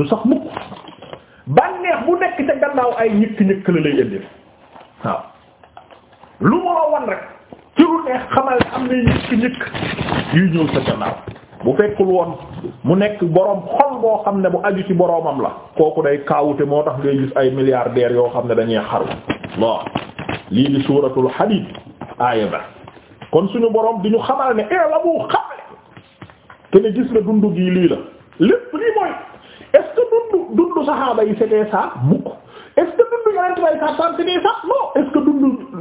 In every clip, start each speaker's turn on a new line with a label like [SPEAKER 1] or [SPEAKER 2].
[SPEAKER 1] du sax mukk bànneex bu nekk ca gannaaw ay ñëkk ñëkk la lay indi waaw lu mu la wan rek ci lu neex xamal ne am nay ñëkk ñëkk yuy ñëw sa gannaaw bu fekkul woon mu nekk boroom xol boo xam ne bu aju ci boroomam la kooku day kaawute moo tax ngay gis ay milliardaires yoo xam ne dañuy xaru waaw lii di suuratul Hadiid aaya ba kon suñu boroom di ñu xamal ne e la bu xamle te ne gis na dundu gi lii la lépp lii mooy est-ce que dundu saxaaba yi c'était ça mukk est-ce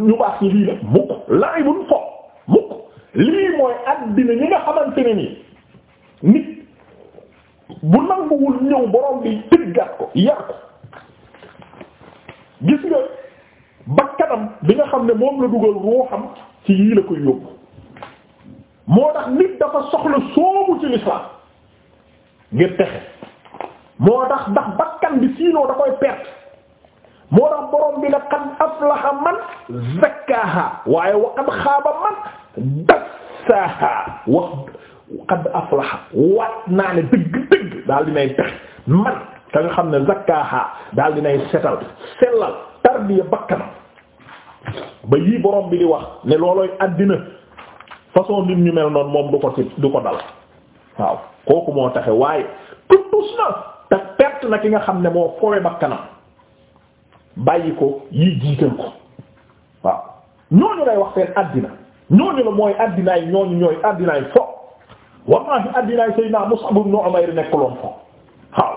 [SPEAKER 1] ñu baax yi lii la mukk lay buñ fo mukk lii mooy àddina ñi nga xamante nii nit bu nanguwul ñëw borom bi tëggat ko yar ko gis nga bakkanam bi nga xam ne moom la dugal ruuxam ci yii la koy yóbbu moo tax nit dafa soxla soobu ci lislaam ngir texe moo tax ndax bakkan bi siinoo da koy perte moo tax borom bi la qad aflaha man zakkaha waaye wa qad xaaba man dassaha wax qad aflaha waat naa ne dëgg-dëgg daal dinay tax man ka nga xam ne zakkaha daal dinay setal sellal tarbiya bakkanam ba yii borom bi di wax ne loolooy àddina façon nit ñu mel noonu moom du ko ci du ko dal waaw kooku moo taxe waaye tuttus na te perte na ki nga xam ne moo foowe bakkanam bàyyi ko yii jiital ko waaw ñooñu lay wax seen àddina ñooñu la mooy àddinaay ñooñu ñooy àddinaay fo wallahi àddinaay Seydina Mus'ab ibn Umayr nekkuloon fo waaw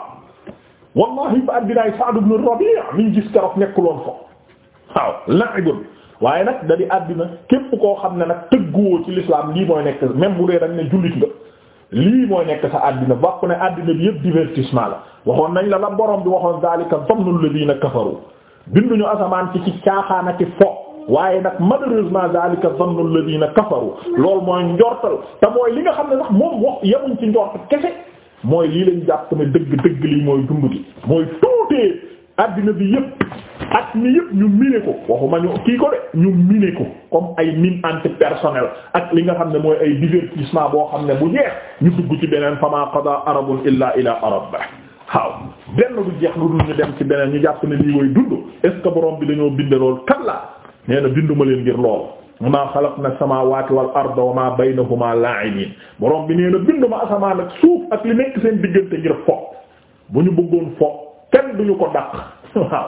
[SPEAKER 1] wallahi ba àddinaay Sa'd ibn Rabi' mi gis keroog nekkuloon fo waaw la'ibun waaye nag da di àddina képp koo xam ne nag tëgguwoo ci l'islam lii mooy nekk même bu dee dañ ne jullit nga lii mooy nekk sa àddina bokk ne àddina bi yëpp divertissement la waxoon nañ la la borom bi waxoon zalika zannul ladina kafaru binduñu asamaan ci ci caaxaan ak ci fo waaye nag malheureusement zalika zannul ladina kafaru loolu mooy njortal te mooy li nga xam ne sax moom wax yemuñ kese mooy lii lañ jàpp ne dëgg dëgg lii mooy dund gi mooy tuutee addina bi yëpp at mi yëpp ñu miné ko waxuma ñu kii ko de ñu miné ko comme ay mine antipersonnel ak li nga xam ne mooy ay divertissement boo xam ne bu jeex ñu dugg ci beneen fama qada arabun illa ila arab waaw benn du jeex lu dul ñu dem ci beneen ñu jàpp ne lii woy dund est borom bi dañoo bind lool kalla nee na binduma leen ngir lool maa xalaqna samaawaati wal arda wa maa baynahuma la'ibiin borom bi nee na binduma asamaan ak suuf ak li nekk seen diggante ngir kenn duñu ko dàq waaw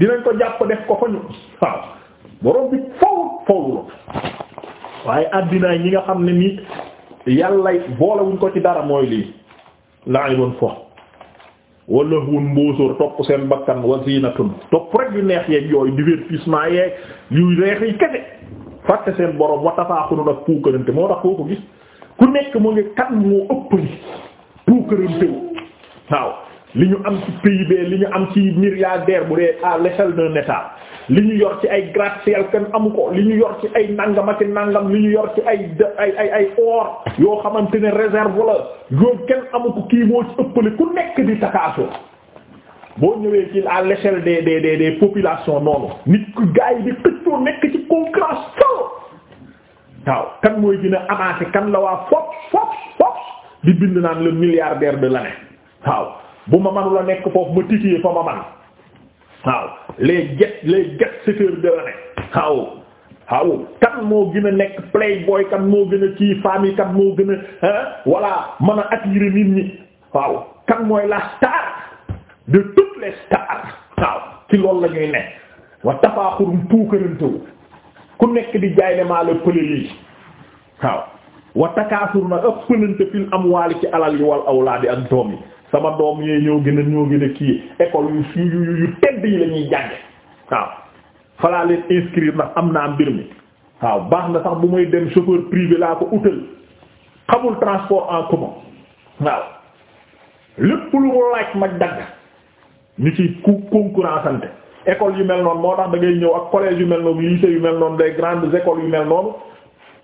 [SPEAKER 1] dinañ ko jàpp def ko fa ñu waaw borom bi fawut fawuloo waaye àddinaay ñi nga xam ne ni yàlla boolewuñ ko ci dara mooy lii la'ibun fo wala wun mbóosóor topp seen bakkan wa zinatun topp rek yu neex yeeg yooyu divertissement yeeg yu neex yi kese fàtte seen borom wa tafaaxunun ak puukarante moo tax koo ko gis ku nekk mu ngi kan moo ëpp ni puukarante waaw li ñu am ci PIB li ñu am ci milliardaire bu dee à l'échelle d'un état li ñu yor ci ay gratte-ciel kenn amu li ñu yor ci ay nangam ak nangam li ñu yor ci ay ay ay ay or yoo xamante ne réserve la yooyu kenn amu ko kii moo ci ëppale ku nekk di takaaso boo ñëwee ci à l'échelle des des des des noonu nit ku gaa yi di xëccoo nekk ci concurrence solo waaw kan mooy dina avancer kan la waa fop fop fop di bind naan le milliardaire de l'année waaw bu ma manu la nekk foofu ma titiyee fa ma man waaw les jet les jet setteurs de l'année waaw waaw kan moo gën a nekk playboy kan moo gën a kii famille kan moo gën a voilà mën a attirer nit ñi waaw kan mooy la star de toutes les stars waaw ci loolu la ñuy ne wa tafaaxurum puukarantewu ku nekk di jaay ne maa la pële lii waaw wa takaasur na ëppalante fil amwaali ci alal yi wal awlaadi ak doom yi sama doom yee ñoo gën a ñoo gën a kii école yu yu yu tedd yi la jànge waaw falaa leen inscrire ndax am naa mbir mi waaw baax na sax bu muy dem chauffeur privé laa ko utal xamul transport en commun waaw lépp lu mu laaj ma dagg ñu ci ku concurrence ante yu mel noonu moo tax da ngay ñëw ak collège yu mel noonu lycée yu mel noonu day grande écoles yu mel noonu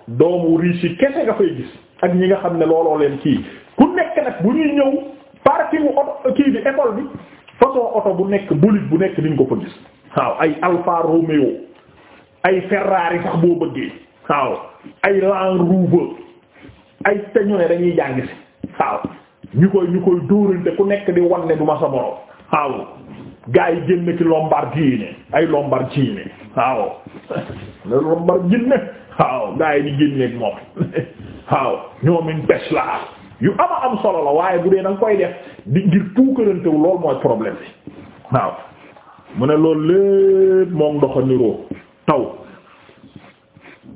[SPEAKER 1] doomu riche yi kese nga fay gis ak ñi nga xam ne looloo leen kii ku nekk nag bu ñuy ñëw parking oto kii bi école bi façon oto bu nekk bolide bu nekk niñ ko fa gis waaw ay Alfa Romeo ay Ferrari sax boo bëggee waaw ay Land Rover ay te ñu ne dañuy jàng si waaw ñu koy ñu koy dóorante ku nekk di wan ne du ma sa borom waaw gaa yi génn ci Lamborghini ay Lamborghini waaw Lamborghini waaw gaa yi di génneeg moom waaw ñoomin Tesla yu ama am solo la waaye bu dee da nga koy def di ngir tuukalantew loolu mooy problème bi waaw mu ne loolu lépp moom ndoxa niroo taw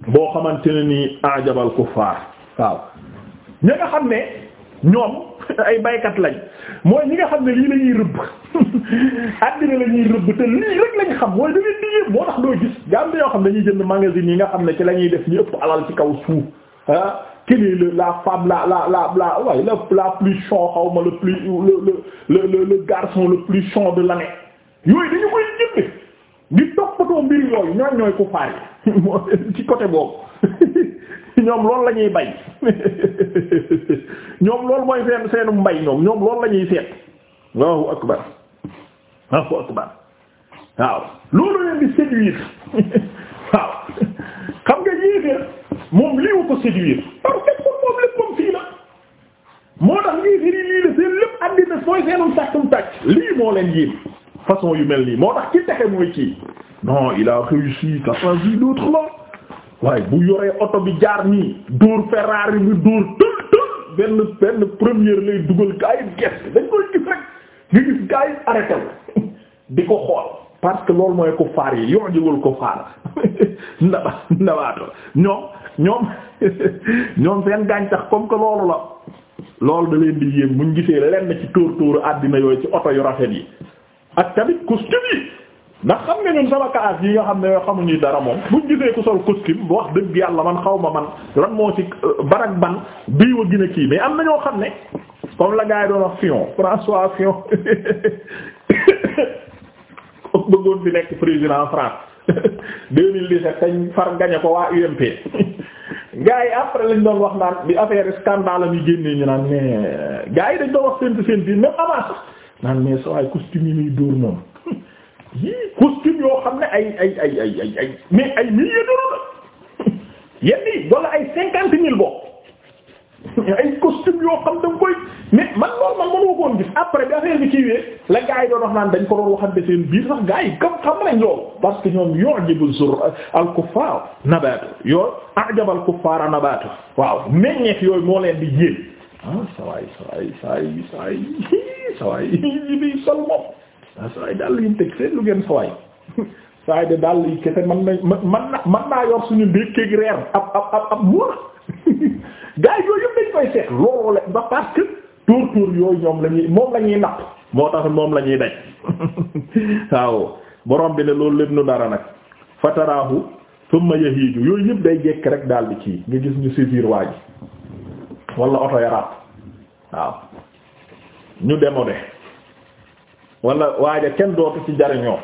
[SPEAKER 1] boo xamante ne nii ajabal kuffaar waaw ñi nga xam ne ñoom ay baykat lañ mooy ñi nga xam ne lii la ñuy rëbb àddina la ñuy rëbb te lii rek lañ xam mooy da leen moo tax doo gis ga am na yoo xam ne dañuy jënd magasin yi nga xam ne ci la ñuy def ñu ëpp alal ci kaw suuf ah. quelle la femme la la la la waaye la la plus chon xaw ma le plus le le le le garçon le plus chon de l'année yooyu dañu koy jënd di toppatoo mbir yooyu ñooñ ñooy ko faay ci côté boobu ñoom loolu la ñuy bay ñoom loolu mooy seen seenu mbay ñoom ñoom loolu la ñuy seet Allahu akbar Allahu akbar waaw loolu leen di séduire waaw xam nga yéeféer moom lii wu ko séduire moo tax lii seen lépp àddina mooy seenum tàccum tàcc lii moo leen yéen façon yu mel nii moo tax ci texe mooy kii non il a réussi t'as pas vu l'autre waaye bu yoree oto bi jaar nii dóor Ferrari bi dóor tël tël benn benn première lay dugal gaa yi dañ koy gis rek nga gis gaa yi di ko xool parce que loolu mooy ko faar yi yoo jëwal ko faar ndaba ndabaata ñoom ñoom ñoom seen gàncax comme que loolu la loolu da leen di yéem buñ gisee lenn ci tóor tóoru àddina yooyu ci oto yu rafet yi ak tamit costume yi ndax xam nga ñun sama kaas yi nga xam ne yoo xamuñuy dara moom buñ gisee ku sol costume bu wax dëgg yàlla man xaw ma man lan moo ci euh, ban ban bii wa gën kii mais am na ñoo xam ne comme la gars yi doon wax Fillon François Fillon bëggoon bi nekk président France 2017 dañ far gañe ko waa UMP gars yi après lañ doon wax naan bi affaire scandale am yi génnee ñu naan mais gars yi dañ doon wax seen seen biir même naan mais sa waay costume yi muy dóor moom costume yoo xam ne ay ay ay ay ay ay mais ay milliers d'euros la ay cinquante mille bokk ay costume yoo xam da koy mais man loolu man mënoo ko gis après bi affaire bi la gars yi doon wax naan dañ ko doon waxante seen biir sax gars yi kam xam nañ loolu parce que ñoom yu'jibu zur al-kuffar nabaatu yoo a'jaba al-kuffar yooyu moo leen di jéem ah sawaay sawaay sawaay sawaay yi bi sol moom ah, sawaay daal li teg seen lu gën sawaay saay de dàll yi kese man na man naa yor suñu ndékkeeg reer ab ab ab ab muur yooyu yëpp dañ koy seet loolu la ba parce tuur tuur yooyu ñoom la moom lañuy ñuy napp moo tax moom la ñuy daj waaw borom bi ne loolu lépp nu dara nag fataraahu thumma yahiiju yooyu yëpp day jekk rek daal ci kii nga gis ñu saisir waa ji wala oto ya ràpp waaw ñu demode wala waaja kenn dootu ci jariñoo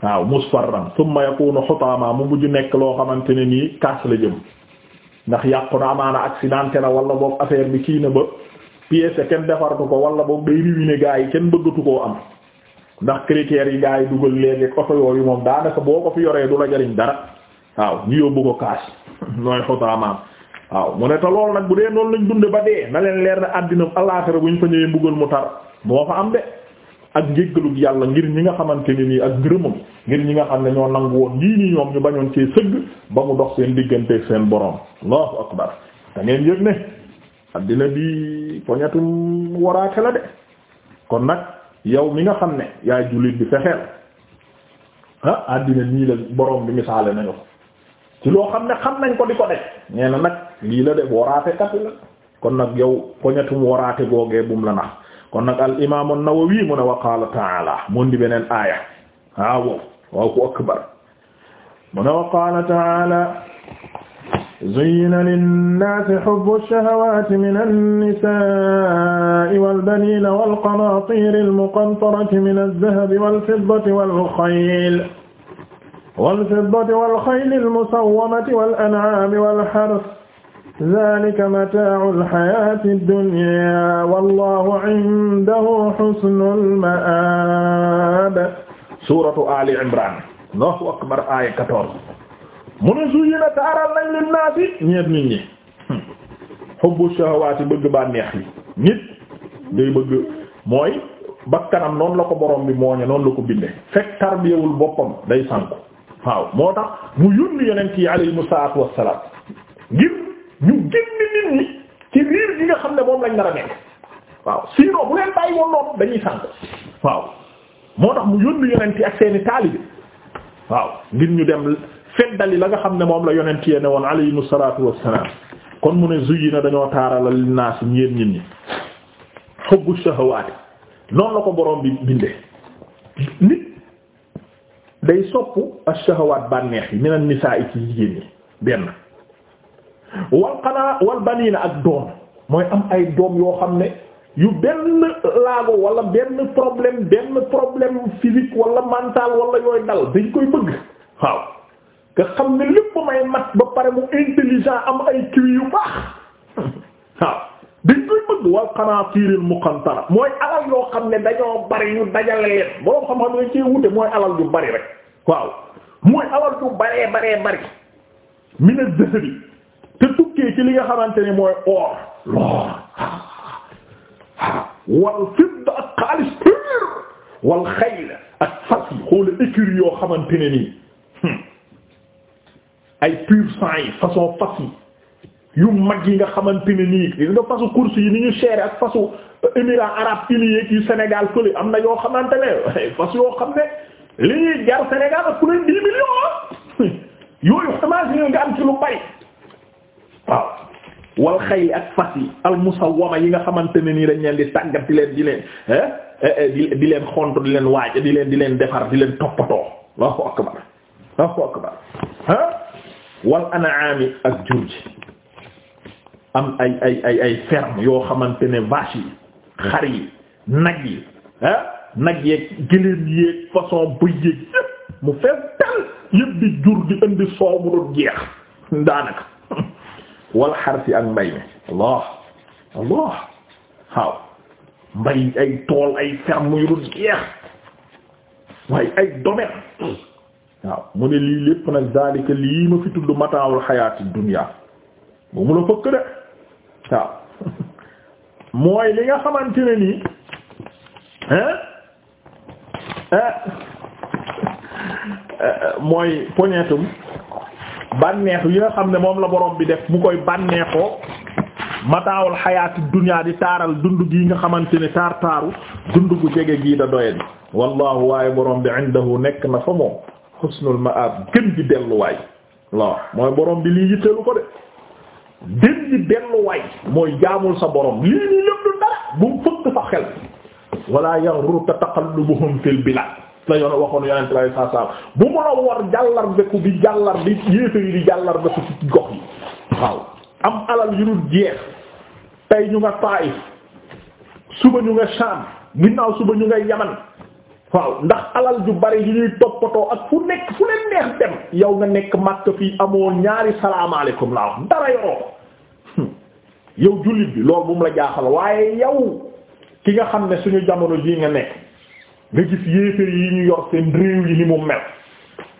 [SPEAKER 1] waaw musfarran summa yakunu xutaama mu mujj nekk loo xamante ne nii kaas la jëm ndax yàqu na amaana accidenté na wala boog affaire bi kii na ba pièce kenn defaratu ko wala boog day ruiner gaa yi kenn bëggatu koo am ndax critères yi gaa yi dugal léegi oto yi moom daanaka boo ko fi yoree du la jariñ dara waaw ñu yóbbu ko kaas nooy xutaamaam waaw mu ne te lool nag bu dee noonu lañ dunde ba dee na leen leer na àddina alaaxira bu ñu fa ñëwee mbugal mu tar moo fa am ak njéggalug yàlla ngir ñi nga xamante ne nii ak ngërëmam ngir ñi nga xam ne ñoo nangu woon lii nii ñoom ñu bañoon ci sëgg ba mu dox seen digganteeg seen borom allahu akbar da ngeen yëg ne addina bi poñatum waraate la de kon nag yow mi nga xam ne yaay jullit bi fexeel ah addina nii la borom bi misaale nañu ci loo xam ne xam nañ ko di ko def nee na nag lii la def waraate kat la kon nag yow poñatum waraate googee bum la nax kon nag al imaamu Nawawi mu ne wa qaala taala mun di beneen aaya waaw
[SPEAKER 2] waaw akbar mu ne wa qaala taala zuyyina linnaasi hubbu ash-shahawaati mina an-nisaa'i wal-baniina wal-qanaatiiri al-muqantarati mina adh-dhahabi wal-fiddati wal-khayli wal-fiddati wal-khayli al-musawwamati wal-an'aami wal-harthi zaalika mataa'ul hayaatid dunyaa wallaahu indahu husnul ma'aab.
[SPEAKER 1] suuratu Ali Imraan. Allahu akbar aaya 14.
[SPEAKER 2] mu ne zuyyina taaral nañ lin naasi ñeent
[SPEAKER 1] nit ñi. Hmm. hubbu shahawaati bëgg bànneex yi. nit day bëgg mooy bakkanam noonu la ko borom bi mooñe noonu la ko binde fekk tarbiyewul boppam day sànku waaw moo tax mu yónni yonent yi alayhimu salaatu wassalaam nga xam ne moom lañ nar a nekk waaw sinon bu leen bàyyi woon noonu dañuy sànk waaw moo tax mu yónni yonent yi ak seeni taalibe waaw ngir ñu dem feddali la nga xam ne moom la yonent yee ne woon alayhimu salaatu wassalaam kon mu ne zuyina dañoo taaralal linnaasi ñeen ñin ñi hubbu shahawaati noonu la ko boroom bi bindee nit day sopp ash-shahawaat bànneex yi meneen nisaa ci jigéen ñi benn wal qanaa wal baniina ak doom mooy am ay doom yoo xam ne yu benn laago wala benn problème benn problème physique wala mental wala yooyu dal dañ koy bëgg waaw nga xam ne lépp may mat ba pare mu intelligent am ay kii yu baax waaw dañ koy bëgg wal qanaatiiril muqantara mooy alal yoo xam ne dañoo bari yu dajale leen boo xam-xam nga ci wute mooy alal yu bari rek waaw mooy alal yu baree bari mina zahabi te tukkee ci li nga xamante ne mooy or lool wal fidda ak xaalis piir wal
[SPEAKER 2] xayla ak
[SPEAKER 1] fas yi xoola écurie yoo xamante ne nii hmm. ay pur-sang yi façon yu mag yi nga xamante ne nii gis nga fasu course yi ni ñu cher ak fasu Émirats arabes unis yeeg yu Sénégal fële am na yoo xamante ne fas yoo xam ne li ñuy jar ak ku leen dix millions hmm. yooyu imagine nga am ci lu bari wal xayli ak fas yi al musawwama yi nga xamante ne nii dañ leen di tàggat leen di leen eh, eh, eh, di leen xont di leen waaj di leen di leen defar di leen toppatoo Allahu akbar Allahu akbar ah wal an'ami ak jur ji am ay ay ay ay yoo xamante ne vache yi xar yi nag yi ah nag yee gëléem yeeg façon bu yeeg yëpp mu fees dal yëpp di jur di indi soow mu jeex daanaka wal xarsi ak mbay mi allah allah waaw mbay ay tool ay ferme yu dul jeex waaye ay domaine waaw mu ne lii lépp nag zalika lii ma fi tudd mataawul xayaati dunya bu mu la fëkk de waaw mooy li nga xamante ne nii mooy poñetum bànneex yi nga xam ne moom la borom bi def mu koy bànneexoo mataawul xayaati dunya di taaral dund gi nga xamante ni taar taaru dund gu jege gii da doye di waaye borom bi indahu nekk na fa moom xusnul maab waaw mooy borom bi lii yitteelu ko de gën gi delluwaay mooy jaamul sa borom lii nii lépp du dara bu mu fëkk sa xel wala yaghruka taqallubuhum fil bilad la yoon waxoon yonent lay saa saa bu mu la war jàllar bi jàllar bi di jàllar beku gox yi waaw am alal yu dul jeex tey ñu nga Taif suba ñu nga Sham ginnaaw suba ñu nga Yaman waaw ndax alal ju bari yu ñuy toppatoo ak fu nekk fu leen neex dem yow nga nekk Makka fii amoo ñaari salaamaaleykum laa wax dara yoroo ko hmm. yow jullit bi loolu mu la jaaxal waaye yow ki nga xam ne suñu jamono jii nga nekk nga gis yéefar yi ñu yor seen réew yi ni mu mel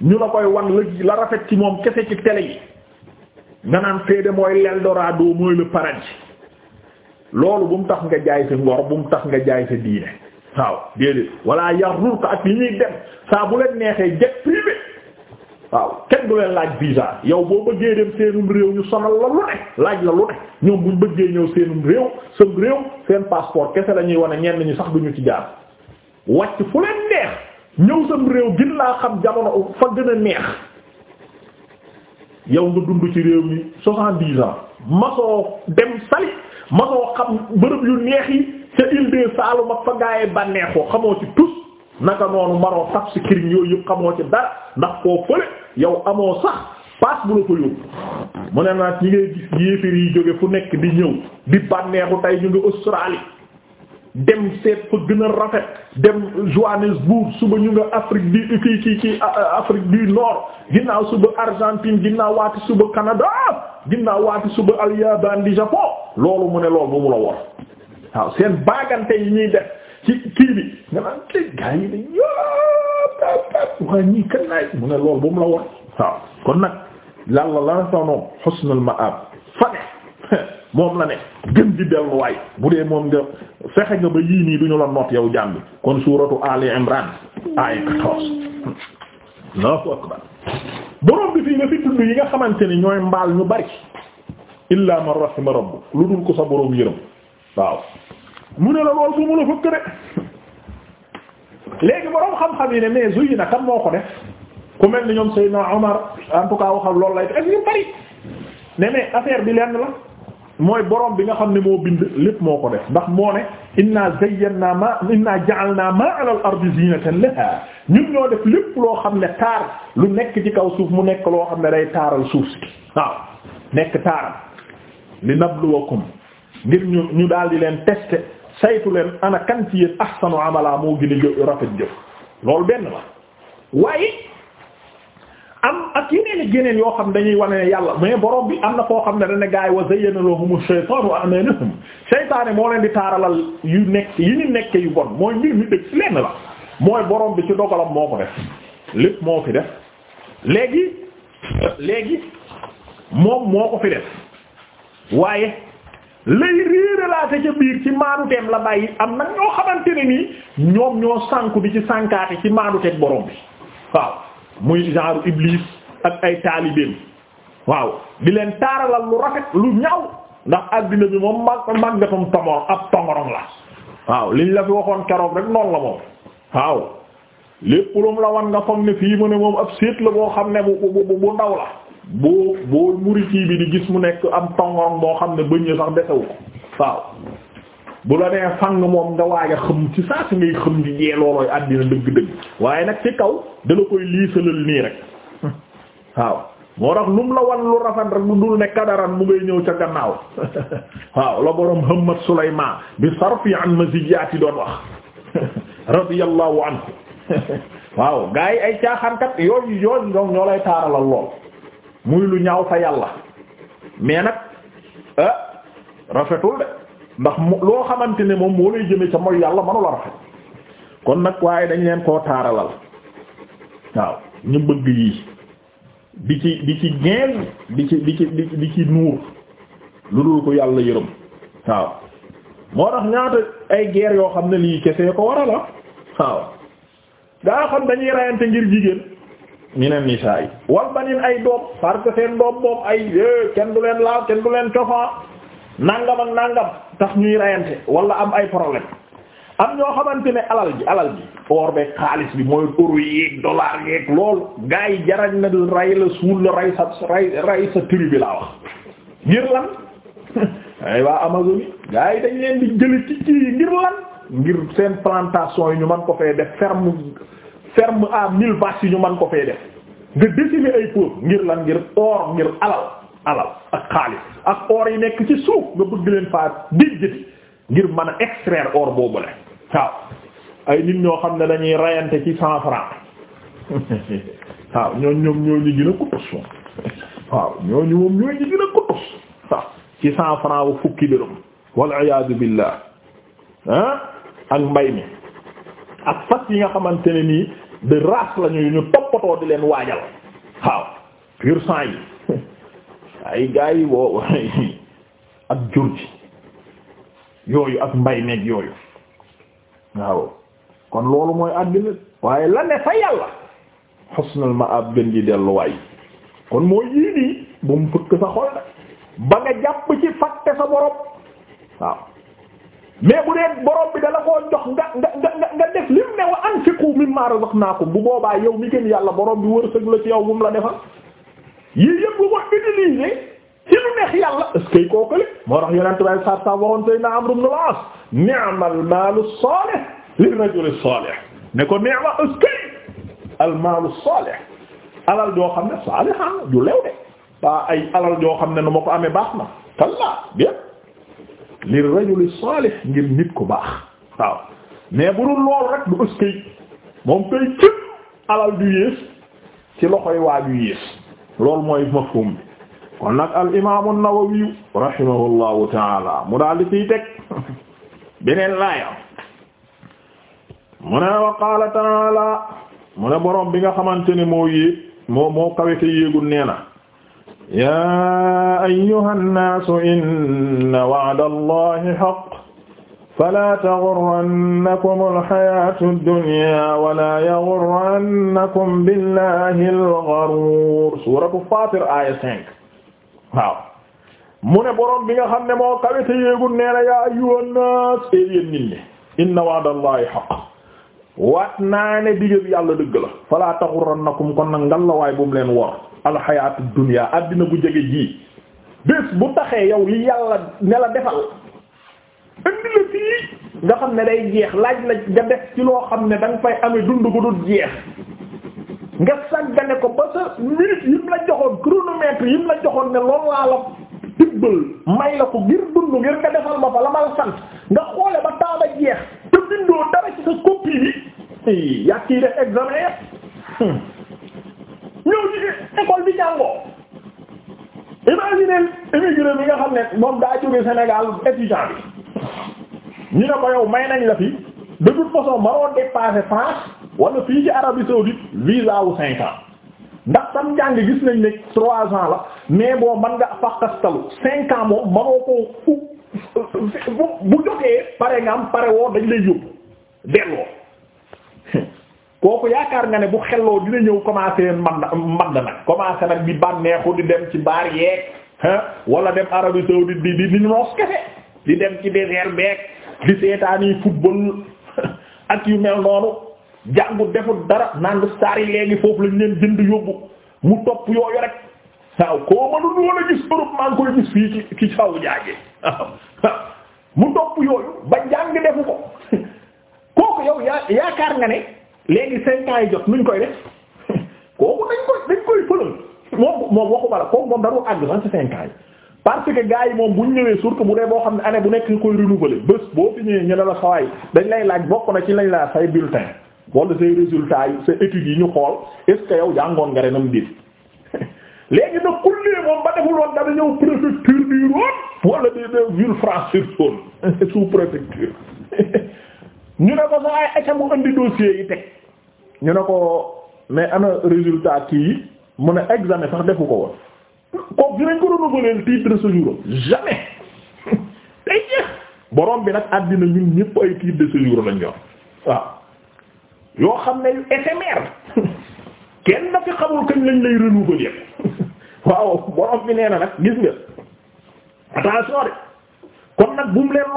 [SPEAKER 1] ñu la koy wan la la rafet ci moom kese ci télé yi nga naan féede mooy l'Eldorado mooy le paradis loolu bu mu tax nga jaay sa ngor bu mu tax nga jaay sa diine waaw déedéet walla yarurka ak yi ñuy dem saa bu leen neexee jet privé waaw kenn du leen laaj visa yow boo bëggee dem seenum réew ñu sonal la lu ne laaj la lu ne ñoom buñ bëggee ñëw seenum réew seen réew seen passeport kese la ñuy wane ñenn ñi sax duñu ci jaar wàcc fu leen neex ñëw sam réew gin laa xam jamono fa gën a neex yow nga dund ci réew mi soixante-dix ans masoo dem sali masoo xam bërëb yu neex yi ca île des Saloum ak fa gaayee bànneexoo xamoo ci tus naka noonu maroo taf si kiriñ yooyu yëpp xamoo ci dara ndax foo fële yow amoo sax paas bu la ko mu ne naat ñi ngay gis yéeféer yi jóge fu nekk di ñëw di bànneexu tey ñu ngi Australie dem seet fa gën a dem Johannesburg suba ñu nga Afrique du kii kii kii Afrique du Nord ginnaaw suba Argentine ginnaaw waati suba Canada ginnaaw waati suba al di Japon loolu mu ne loolu bu mu la wor seen baagante yi ñuy def ci kii naan kii gaa yi dañ yëpp waa mu ne loolu bu mu la wor waaw kon nag lan la la rafetlu noonu husnul ma'ab moom la ne gën di delluwaay bu dee moom nga fexe nga ba yii nii du ñu la noot yow jàmbi kon suuratu Ali Imran aaya 14 Allahu akbar borom bi fii nga fi tudd yi nga xamante ni ñooy mbaal ñu bari illa man rahima rabbuk lu dul ko sa borom yërëm waaw mu ne la lool bu mu la fëkk de léegi borom xam-xam yi ne mais zuy na kan moo ko def ku mel ni ñoom Seydina Omar en tout cas waxal loolu lay def ak bari ne mais affaire bi lenn la. mooy boroom bi nga xam ne moo bind lépp moo ko def ndax moo ne inna zayyana ma inna ja'alna ma 'ala al-ardi zinatan laha ñun ñoo def lépp loo xam ne taar lu nekk ci kaw suuf mu nekk loo xam ne day taaral suuf si waaw nekk taaram li nabluwakum ngir ñu ñu daal di leen tester saytu leen ana kan ci yéen ahsanu amala moo gën rafet jëf loolu benn la waaye am ak yeneen ak yeneen yoo xam dañuy wane ne yàlla mais borom bi am na foo xam ne dana gaay yi wa zayyana lahumu shaytaanu a'maalahum seytaane moo leen di taaralal yu nekk yi ñu nekk yu bon mooy mbir mi dëgg lenn la mooy borom bi ci dogalam moo ko def lépp moo fi def léegi léegi moom moo ko fi def waaye lay réeralaate ca biir ci maanuteem la bàyyi am nag ñoo xamante ne nii ñoom ñoo sànku bi ci sànkaate ci maanuteeg borom bi waaw. muy genre iblis ak ay taalibeem waaw di leen taaralal lu rafet lu ñaaw ndax addina bi moom mag maggatum tomor ab tongorong la waaw liñ la fi waxoon keroog rek noonu la moom waaw lépp lum la wan nga foog ne fii mu ne moom ab séet la boo xam ne bu bu bu ndaw la boo boo muri kii di gis mu nekk am tongorong moo xam ne bëñ sax desewu ko waaw bu la nee fang moom nga waaj a xëm ci saa si ngay xëm di jee loolooy àddina dëgg-dëgg waaye nag ci kaw dala koy liisalal nii rek waaw moo tax lu mu la wan lu rafet rek lu dul ne kadaran mu ngay ñëw ca gannaaw waaw la borom Hammat Sulaymaan bi sarfi an maziyaati doon wax radiyallahu anhu waaw gaa yi ay caaxaankat yooyu yooyu ñoom ñoo lay taaralal lool muy lu ñaaw fa yàlla mais nag ah rafetul de ndax loo xamante ne moom moo lay jëme ca mooy yàlla mënu la rafet kon nag waaye dañ leen koo taaralal waaw ñu bëgg yii di ci di ci geen di ci di ci di ci nuur lu dul ko yàlla yërëm waaw moo tax ñaata ay guerre yoo xam ne lii kese ko waral ah. waaw gaa xam dañuy rayante ngir jigéen
[SPEAKER 2] ñu ne nisaa yi
[SPEAKER 1] wal banin ay doom parce que seen doom moom ay eh, kenn du leen laal kenn du leen cofaa nangam ak nangam tax ñuy rayante wala am ay problème am ñoo xamante ne alal ji alal ji or beeg xaalis bi mooy euro yeeg dollar yeeg loolu gars yi jarañ na ray la suul la ray sa ray ray sa tribu bi laa wax ngir lan ay waa Amazonie gars yi dañ leen di jëli ci ci ngir lan ngir seen plantation yi ñu man ko fee def ferme ferme à mille vaches yi ñu man ko fee def nga décimer ay pauvre ngir lan ngir or ngir alal alal ak xaalis ak or yi nekk ci suuf nga bëgg leen faa dijjati ngir mën a extraire or boobule waaw ay nit ñoo xam ne dañuy rayante ci cent francs waaw ñooñ ñoom ñoo ñu gën a kutus waaw ci cent francs bu fukki dërëm wal iyaadu billah ak mbay mi ak fas yi nga xamante ne nii de race la ñuy ñu toppatoo di leen waajal waaw pur sang yi ay gaa yi woo ak jur ji yooyu ak mbay nekk yooyu waaw kon loolu mooy àddina waaye la ne fa yàlla xusnal ma'ab gën ji delluwaay kon mooy yii nii bu mu fëkk sa xol ba nga jàpp ci fàtte sa borom waaw mais bu dee borom bi dala koo jox nga nga nga nga def lim ne wa anfiqu mimma razaqnakum bu boobaa yow mi gën yàlla borom bi wërsëg la ci yow bu mu la defal yii yëpp bu ko utilisé ci lu neex yàlla est-ce que moo tax yonent bay sa sa waxoon tey na Amru ibn al-As ni'mal maalu saalih li ko ni'ma est-ce que alal joo xam ne saalihan ju lew de ba ay alal joo xam ne nu ma ko amee baax na kallaa bien li rajuli baax waaw mais bu alal ju yées ci loxoy waa ju yées loolu mooy mafhum bi kon nag al imam an-Nawawi rahimahullahu taala mu daal di ciy teg
[SPEAKER 2] beneen laaya mu ne wa qaala taala mu ne boroom bi nga xamante ne moo yéeg moo moo kawete yéegul nee na yaa ayyuhan naasu inna wa'da allahi haqq fala taxurrannakum alxayatu aldunya wala yaxurrannakum billahi alxaruur suratu fatir aya cinq waaw mu
[SPEAKER 1] ne boroom bi nga xam ne moo kawite yéegul nee na yaa ayyuhan naas eh, yéen nit ñi inna wa'dallahi haqq waat naa ne digéb yàlla dëgg la fala taxurrannakum kon nag ngan la waay bu mu leen wor alxayatu dunya addina bu jege ji bés bu taxee yow li yàlla ne la defal indi la nga xam ne day jeex laaj la nga def ci loo xam ne da nga fay amee dund gu dul jeex nga sàggane ko ba sa minute yim la joxoon chronomètre yim la joxoon ne loolu laa la tibbal may la ko ngir dund ngir nga defal ma fa la ma la sant nga xoole ba temps ba jeex te bindoo dara ci sa copie bi yàq yi def examen yëpp hmm. ñëw ci école bi jàngoo imagine immigré bi nga xam ne moom daa jóge Sénégal étudiant bi ñu ne ko yow may nañ la fi de toute façon maroo dépasser France wala fii ci Arabie saoudite visa wu cinq ans ndax sam njàng gis nañ ne trois ans la mais boo man nga fakkastalu cinq ans moom maroo koo fu bu bu jotee pare nga am pare woo dañ lay yóbbu delloo kooku yaakaar nga ne bu xelloo dina ñëw commencé man man na commencé nag bi bànneexu di dem ci baar yeeg wala dem Arabie saoudite di di di noos kese di dem ci désert beek di seetaan yi ak yu mel noonu jàngut defut dara naan star yi léegi foofu lañ leen jënd yóbbu mu topp yooyu rek waaw koo mënul woon a gis Europe maa ngi koy gis fii ci ci sawu jaage mu topp yooyu ba jàng defu ko kooku yow yaakaar nga ne léegi cinq yi jot nuñ koy def kooku dañ koy dañ koy fëlal moom moom waxuma la kooku moom darul àgg sax ci yi parce que gars yi moom bu ñu ñëwee surtout bu dee boo xam ne année bu nekk koy renouveler bés boo fi ñëwee ñu ne la sawaay dañ lay laaj bokk na ci lañ la say bulletin wala say résultats yi sa études yi ñu xool est-ce que yow jàngoon nga renam diir léegi nag kullee moom ba deful woon ñëw préfecture du Rhône wala des des villes france sur sous préfecture ñu ne ko sa ay acca mu indi dossier yi teg ñu ne ko mais ana résultat kii yi mun ne examen sax defu ko woon kooku dinañ ko renouveler titre de séjour jamais bi nag àddina ñun ñëpp ay titre de séjour xam ne yu éphémère kenn dafi lay renouveler waaw na nag gis kon nag bu mu leen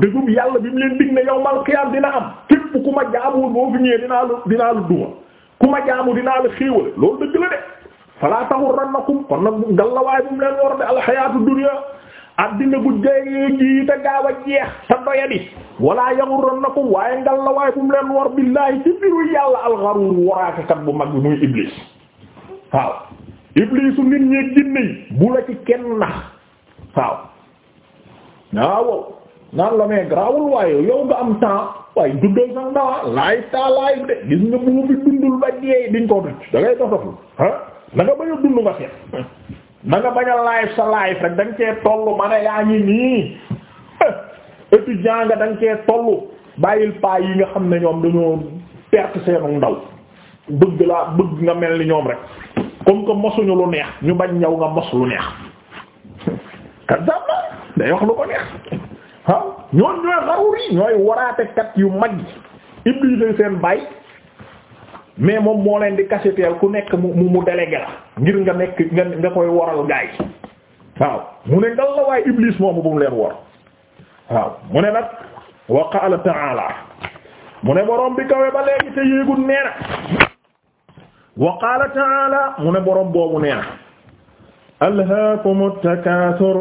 [SPEAKER 1] dëggum yàlla bi mu leen dig ne yawmal qiyaam dina am képp ku ma jaamuwul boo fi ñëwee dinaa lu dinaa lu duma ku ma jaamu dinaa la xéewale loolu dëgg la de fala taxurrannakum kon nag ngallawaay bu mu leen war de alxayaatu dunya addina bu jege ji te gaaw a jeex te doyadi wala yaxurrannakum waaye ngallawaay bu mu leen war billaahi ci yàlla alxaruur waraakekat bu mag bi muy iblis waaw iblisu nit ñi jinne yi bu la ci kenn nax waaw naan la mais grawul waaye yow nga am temps waaye dundal sax ndawa laay taa de gis nga bu bi dundul ba jeey diñ ko ducc da ngay doxatu ah na nga bañ a dund nga seet na nga bañ a live sa live rek da nga cee toll yaa ngi nii étudiant nga da nga cee bàyyil paa yi nga xam ne ñoom dañoo perte seenu ndaw bëgg laa bëgg nga mel ni ñoom rek comme que mosuñu lu neex ñu bañ ñaw nga mos lu neex kat dam na day wax lu ko neex waaw ñooy xarur yi ñooy waraatekat yu mag yi iblis seen bàyyi mais moom moo leen di kaseteel ku nekk mu mu délégué la ngir nga nekk nga nga koy waral gaay waaw mu ne ngal la waaye iblis moomu bu mu leen war waaw mu ne nag wa qaala ta'ala mu ne borom bi kawe ba léegi te yéegul nee na wa qaala ta'ala
[SPEAKER 2] mu ne borom boobu nee na alhaakumu takaasur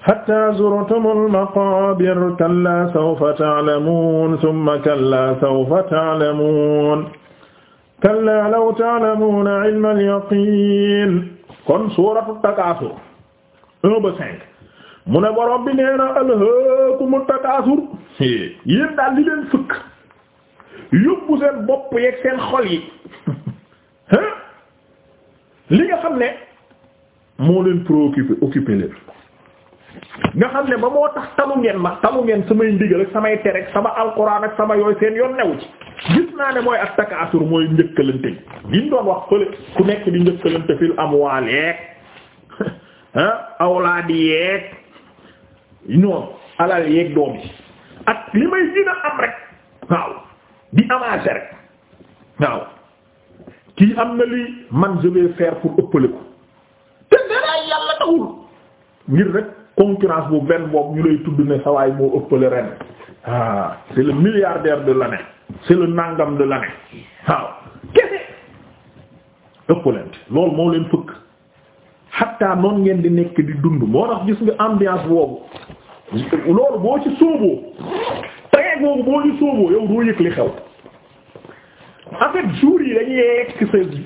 [SPEAKER 2] hatta zurtumul maqaabir kallaa sawfa ta'lamuun thumma kallaa sawfa ta'lamuun kallaa law ta'lamuuna ilma yaqiin kon suuratu takaasur un
[SPEAKER 1] mu ne borom bi nee na alhaakumu takaasur yéen daal li leen fëkk yóbbu seen bopp yeeg seen xol yi li nga xam ne moo leen préoccupé occupé nga xam ne ba moo tax tamu ma tamu ngeen samay ndigal ak samay tere ak sama alquran ak sama yooyu seen yoon new ci gis naa ne mooy ak takaasur mooy njëkkalante gi doon wax fële ku nekk di njëkkalante ah, ak li may dina am rek waaw di avancé rek waaw kii am na lii man je vais pour ëppale ko
[SPEAKER 2] te dara yàlla tawul
[SPEAKER 1] ngir rek. concurrence bu benn boobu ñu lay tudd ne sawaay moo ëppale ren ah c'est le milliardaire de l'année c'est le nangam de l'année waaw kese ëppalante loolu moo leen fëkk xatta noon ngeen di nekk di dund moo tax gis nga ambiance boobu loolu boo ci sóoboo train boobu boo ci sóoboo yow doo yëg xew en fait yi dañuy lekk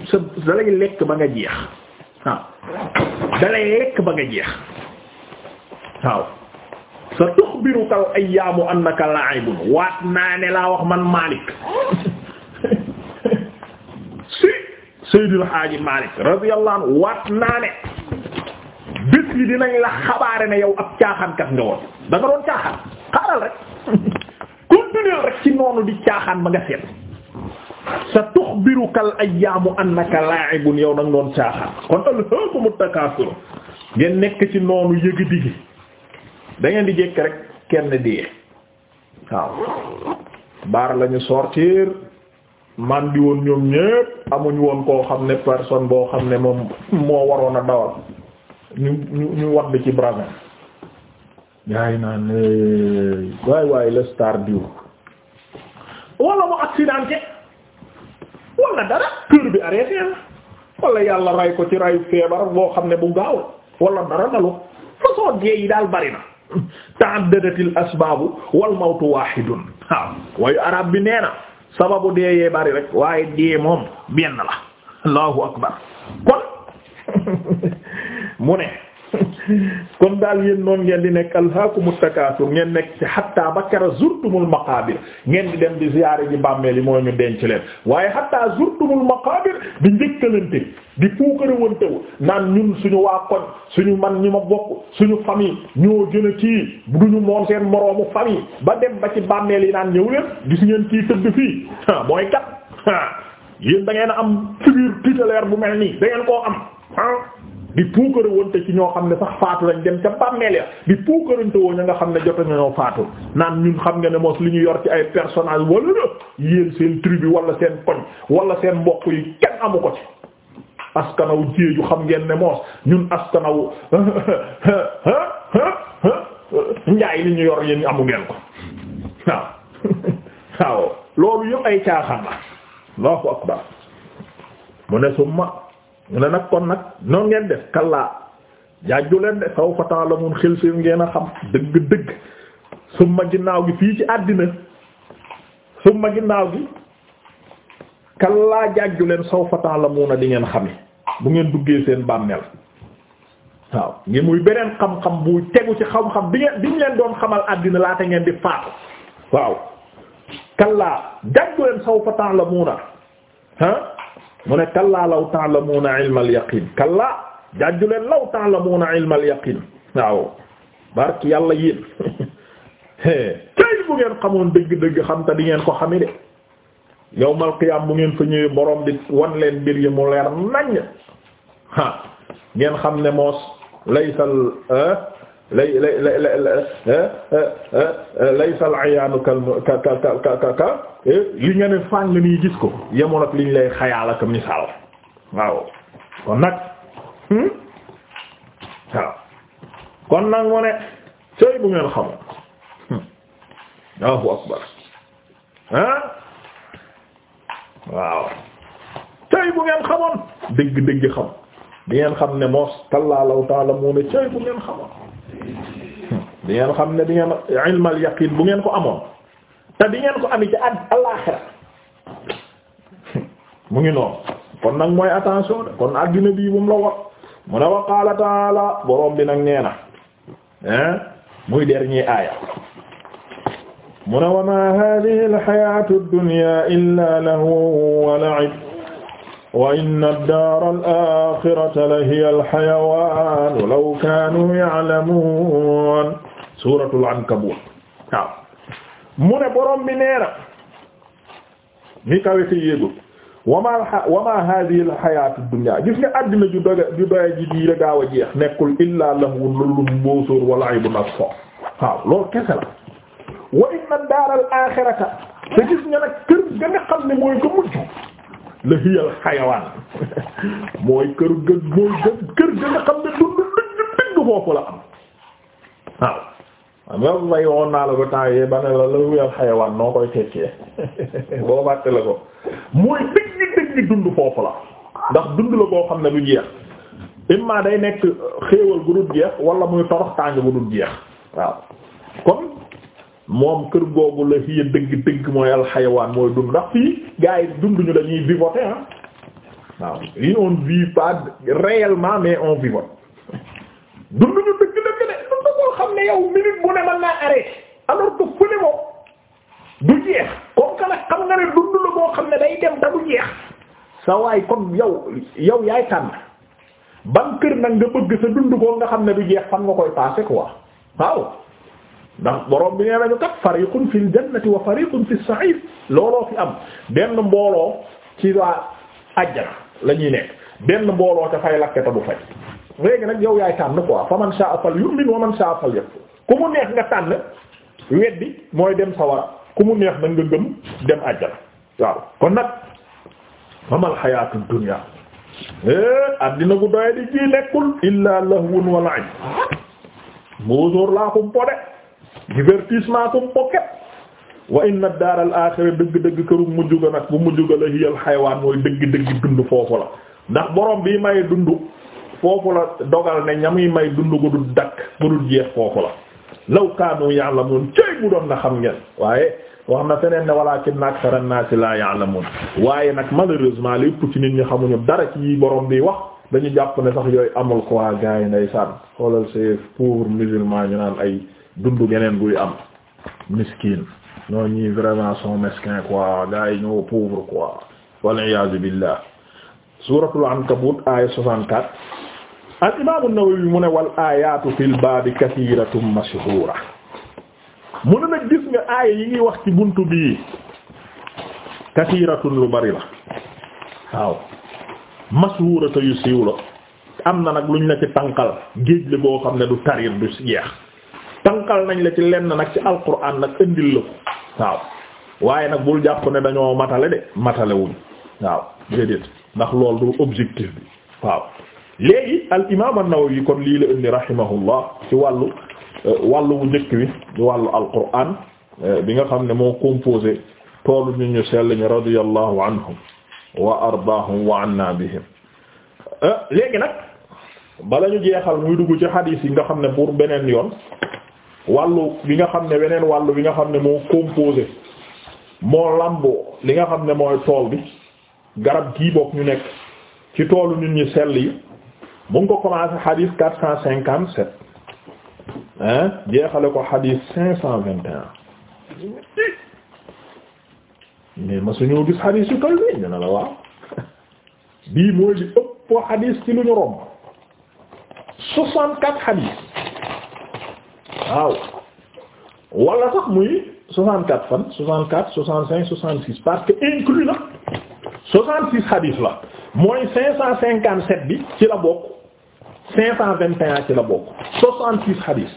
[SPEAKER 1] sa sa dalay lekk ba nga jeex waaw dalay lekk ba nga jeex waaw sa tuxbiruka al ayyaamu laa wax man Malik si Seydil Haaji Malik radiyallahu anhu waat naa ne bés yi dinañ la xabaare ne yow ab caaxaankat nga woon da doon caaxaan xaaral rek continuer rek ci noonu di caaxaan ba nga seet sa tuxbiruka al ayyaamu annaka la'ibun yow da nga doon caaxaan kon alhaakumu takaasur ngeen nekk ci noonu yëg digi dangeen di jékk rek kenn dee waaw baar lañu sortir man di woon ñoom ñépp amuñ woon koo xam ne personne boo xam ne moom moo waroon a dawal ñu ñu ñu wadd ci brasin gaa yi naan eh, waay waay le star diw wala mu accidenté wala dara kër bi arrêté la wala yàlla ray ko ci ray feebar boo xam ne bu gaaw wala dara dalu façon dee yi daal bari na ta'addadatil asbaabu wal mawtu waahidun waaw waaye arab bi nee na sababu dee yee bari rek waaye dee moom benn la allahu akbar kon mu ne kon daal yéen noon ngeen di nekk alhaakumu takaasur ngeen nekk ci hatta ba kera zurtumul maqaabir ngeen di dem di ziyaare ji bàmmeel yi moo ñu denc leen waaye hatta zurtumul maqaabir di njëkkalante di puukare wantewu naan ñun suñu waa koñ suñu man ñi ma bokk suñu famille ñoo gën a kii duñu moom seen moroomu famille ba dem ba ci bàmmeel yi naan ñëw leen gis ngeen kii tëdd fii mooy kat yéen da am figure tutélaire bu mel nii da koo am ah di puukare wonte ci ñoo xam ne sax faatu lañ dem ca bàmmeel ya di puukarante woo ña nga xam ne jot nañoo faatu naan ñun xam nga ne moos li ñu yor ci ay personnage wala yéen seen tribu wala seen koñ wala seen mbokk yi kenn amu ko ci askanaw jéeju xam ngeen ne moos ñun askanaw njaay li ñu yor yéen amu ngeen ko waaw loolu yëpp ay caaxaan la Allahu akbar mu ne suma ne nag kon nag noonu ngeen def kallaa jaajju leen de sawfa ta'lamun xel seen ngeen a xam dëgg-dëgg summa ginnaaw gi fii ci àddina summa ginnaaw gi kallaa jaajju leen la sawfa ta'lamuna di ngeen xame bu ngeen duggee seen bàmmeel waaw ngi muy beneen xam-xam bu tegu ci xam-xam bi ngeen bi ñu doon xamal àddina laata ngeen di faatu waaw kallaa jaajju leen sawfa ta'lamuna ha mu ne kallaa law ta'lamuuna ilmal yaqiin kallaa jàjju leen law ta'lamuuna ilmal yaqiin waaw barki yàlla yéen tey bu ngeen xamoon dëgg-dëgg xam te di ngeen ko xami de yawmal qiyaam bu ngeen fa ñëwee borom bi wan leen mbir yi mu leer naññ ngeen xam ne moos laysal eh?
[SPEAKER 2] lay lay lay
[SPEAKER 1] laysa al-ayaanu ka ka li nga ne fàng nii gis ko yemul ak liñ lay xayaal ak misaal waaw kon nag hmm? waaw kon nag
[SPEAKER 2] mu ne cëy bu ngeen xamoon hmm.
[SPEAKER 1] Allahu akbar ah waaw
[SPEAKER 2] cëy bu ngeen xamoon
[SPEAKER 1] dëgg dëgg xam di ngeen xam ne moos kallaa law ta'lamuuna cëy bu ngeen xamoon di ngeen xam ne di ngeen ilmal yaqin bu ngeen ko amoon te di ngeen ko ami ci ad alaaxira mu ngi noonu kon nag mooy attention de kon addina bii bu mu la wax mu ne wa qaala taala borom bi nag nee na hein muy dernier aaya
[SPEAKER 2] mu ne wa ma hadhihi alxayatu ad-dunya illa lahu wa la'ib wa inna ad-dara al-axirata la hiya al-xayawaan law kaanu ya'lamuun suuratul ankabut waaw
[SPEAKER 1] mu ne borom bi nee na mi kawe te yéegul wama wama hadihi l xayatu dunya gis nga àddina ju doya ji dii gaaw a jeex nekkul illa lahwun lulum mbóosóor wa laibun ak fo waaw loolu kese la wa inna daara al axirata te gis nga nag kër ga nga xam ne mooy nga mujj la hiyal xayawaan mooy kër ga mooy ga kër ga nga xam ne dund dëgg dëgg foofu la am waaw am nga bay woon naa la ko temps yee ba ne la la wuyal xayawaan noo koy tekkee boo bàtte la ko mooy dëgg dëgg dund foofu la ndax dund la boo xam ne du jeex imma day nekk xéewal gu dul jeex wala muy torox tàng bu dul jeex waaw kon moom kër googu la hiya dëgg dëgg mooy alxayawaan mooy dund ndax fii gars yi dund ñu dañuy vivoter ah waaw lii on vit mais on vivote dund ñu xam ne yow minute bu ne mën naa arrêté alors que fu ne moom du jeex comme que nag xam nga ne dund la boo xam ne day dem da du jeex sa waay kon yow yow yaay tànn ban kër nag nga bëgg sa dund ko nga xam ne du jeex fan nga koy passé quoi waaw ndax boroom bi nee nañu kat fariqun fil jannati wa fariqun fis sa'ir looloo fi am benn mbooloo ci waa àjjana la nekk benn mbooloo te lakk lakkata bu fay léegi nag yow yaay tànn quoi fa man saa fal yu'min wa man saa fal yakfur ku mu neex nga tànn weddi mooy dem sawara ku mu neex na nga gëm dem àjjana waaw kon nag mamal xayaatu dunya addina eh, gu doye di ji nekkul illa lahwun wa la'ib mbóosóor laa kum po de divertissement kum wa inna daar al dëgg-dëgg këru mujj ga nag bu mujj ga la hiyal xayawaan mooy dëgg-dëgg dund foofu la ndax borom bi may dund foofu la dogal ne ñamuy may dund gu dul dakk gu dul jeex foofu la law kaanu ya'lamuun cëy bu doon na xam ngeen waaye wax na feneen ne walaakinna aktara naasi laa ya'lamuun waaye nag malheureusement li ci nit ñi xamuñu dara ci borom bi wax dañu jàpp ne sax yooyu amul ko waa gaay ndeysaan xoolal c'est pauvre musulman ñu naan ay dund geneen guy am miskin ñoo ñi vraiment sont mesquins quoi gaay yi ñoo pauvre quoi wal iyaazu billah suuratul ankabut aaya 64 al imaam an-Nawawi mu ne wal aayaatu fil baabi kathiiratun mashhuura mu ne nag gis nga aaya yi ngi wax ci buntu bii kathiiratun lu bari la waaw mashhuura te yu siiw la am na nag luñ la ci tànqal géej la boo xam ne du tariir du jeex tanqal nañ la ci lenn nag ci alquran nag indil la ko waaw waaye nag bul jàpp ne dañoo matale de matale wuñ waaw déedéet ndax lool du objectif bi waaw léegi al imaam an-Nawawi kon lii la indi rahimahullah ci wàllu euh, wàllu bu njëkk wi di wàllu alquran euh, bi nga xam ne moo composé toolu ñu ñu sell ñu radiyallahu anhum wa ardaahum wa anna bihim euh, léegi nag bala ñu jeexal muy dugg ci xadiis yi nga xam ne pour beneen yoon wàllu bi nga xam ne weneen wàllu bi nga xam ne moo composé moo làmb li nga xam ne mooy tool bi garab gii bokk ñu nekk ci toolu nit ñu sell yi mu ngi ko commencé xadis quatre cent cinquante sept hein jeexale ko xadis cinq cent vingt un mais ma suñu gis xadis yu toll nii ñu ne la waaw bii mooy li ëpp xadis ci lu ñu romb soixante quatre xadis waaw wala sax muy soixante quatre fan soixante quatre soixante cinq soixante six parce inclus na soixante six xadis la mooy cinq cent cinquante sept bi ci la bokk cinq cent vingt et un ci la bokk soixante-six xadiis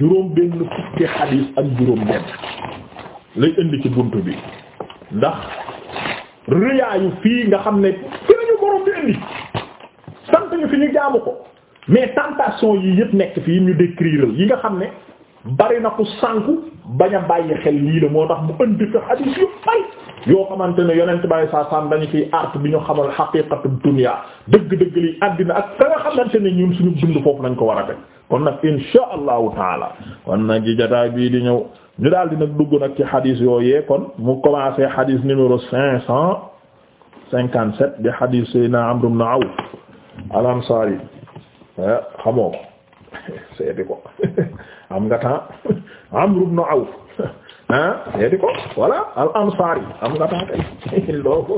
[SPEAKER 1] juróom benn fukki xadiis ak juróom benn lay indi ci bunt bi ndax rëyaayu fii nga xam ne fi lañu borom bi indi sant ñu fi ñu jaamu ko mais tentation yi yëpp nekk fii ñu décrire yi nga xam ne bari na ku sànku bañ a bàyyi xel lii la moo tax mu indi fi xadiis yu bari yoo xamante ne yonent bàyyi saa saam dañu ciy art bi ñu xamal xaqiqatu dunya dëgg-dëgg li àddina ak ka xamante ne ñun suñu dund foofu lañ ko war a teg kon nag insha allahu taala kon nag ci bii di ñëw ñu daal di nag dugg nag ci xadis yooyee kon mu commencé xadis numéro cinq cent cinquante sept di xadis Seydina Amr ibn Awf al Ansari eh, xamoo ko seeti ko am nga temps Amr ibn Awf ah seeti ko voilà al ansar yi am nga taa kay loolu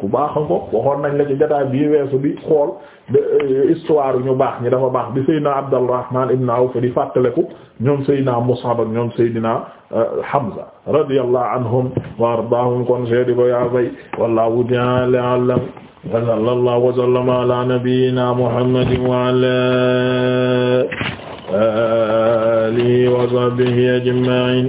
[SPEAKER 1] ku baax nga ko waxoon nañ la ci jotaay bii weesu bi xool euh, histoire ñu baax ñi dafa baax bi Seydina Abdurrahman ibn Awf di fàttaleku ñoom Seydina Mus'ab ak ñoom Seydina euh, Hamza radiyallahu
[SPEAKER 2] anhum wa ardaahum kon seeti ko yaa fay wallahu ta'ala a'lam wa sallallahu wa sallama ala nabiyyina Muhammadin wa ala alihi wa sahbihi ajma'in